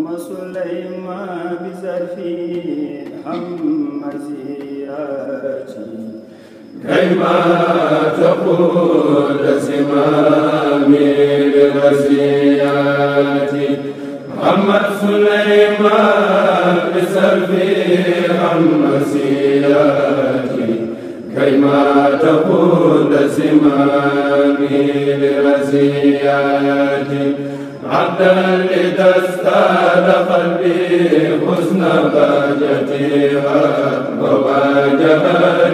هم سليمان بزرفي هم زيارتي كيما تقول زمامي لغزياتي محمد سليمان بسلفي هم سياتي كيما تقول زمامي لغزياتي عدا إذا استال قلبي حسن باجتها وواجه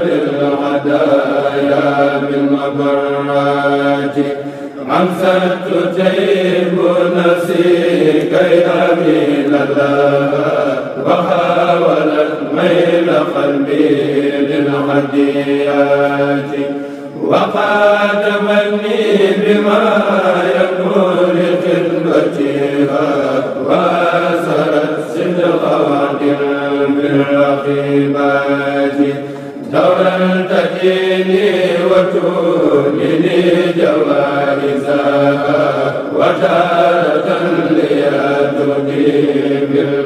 للعدايا بالمبرات عمسا تجيب نفسي كي أميل لها وحاولت ميل قلبي للعديات وقد مني بما وتارة ليادني بالقلب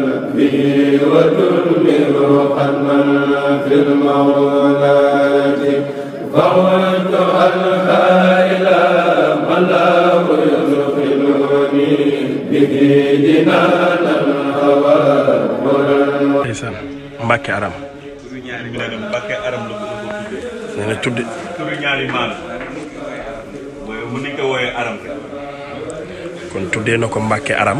به وتلمر قدما في المولات فوت ألقى إلى من لا يدخلني به جنانا هوى ndeysaan Mbàkke Aram nee na tudde kon tuddee na ko Mbàkke Aram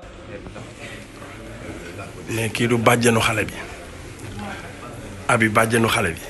ne kii du bàjjenu xale bi abi bàjjanu xale bi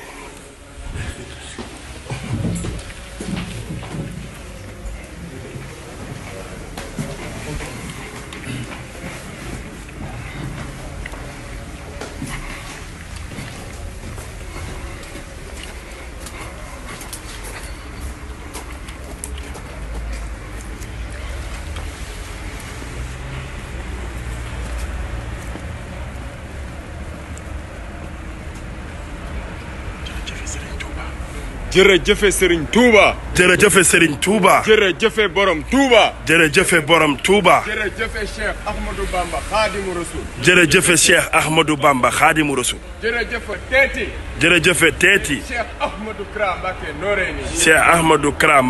jërëjëfe sëriñ Touba. jërëjëfe sëriñ Touba. jërëjëfe borom Touba. jërëjëfe borom Touba. jërëjëfe Cheikh Ahmadou Bamba Khadimu Rasul. jërëjëfe Cheikh Ahmadou Bamba Khadimu Rasul. jërëjëfe Teeti. jërëjëfe Teeti. Cheikh Ahmadou Kra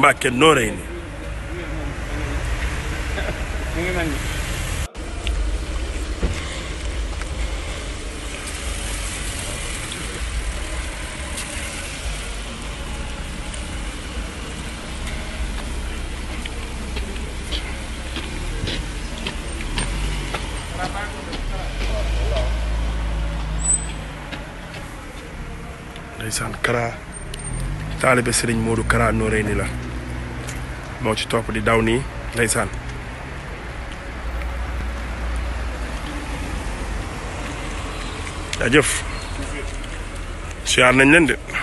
ndeysaan Kara taalibe sëriñ Modou Kara Noreyni la moo ci topp di daw nii ndeysaan jaajëf siyaar nañ leen de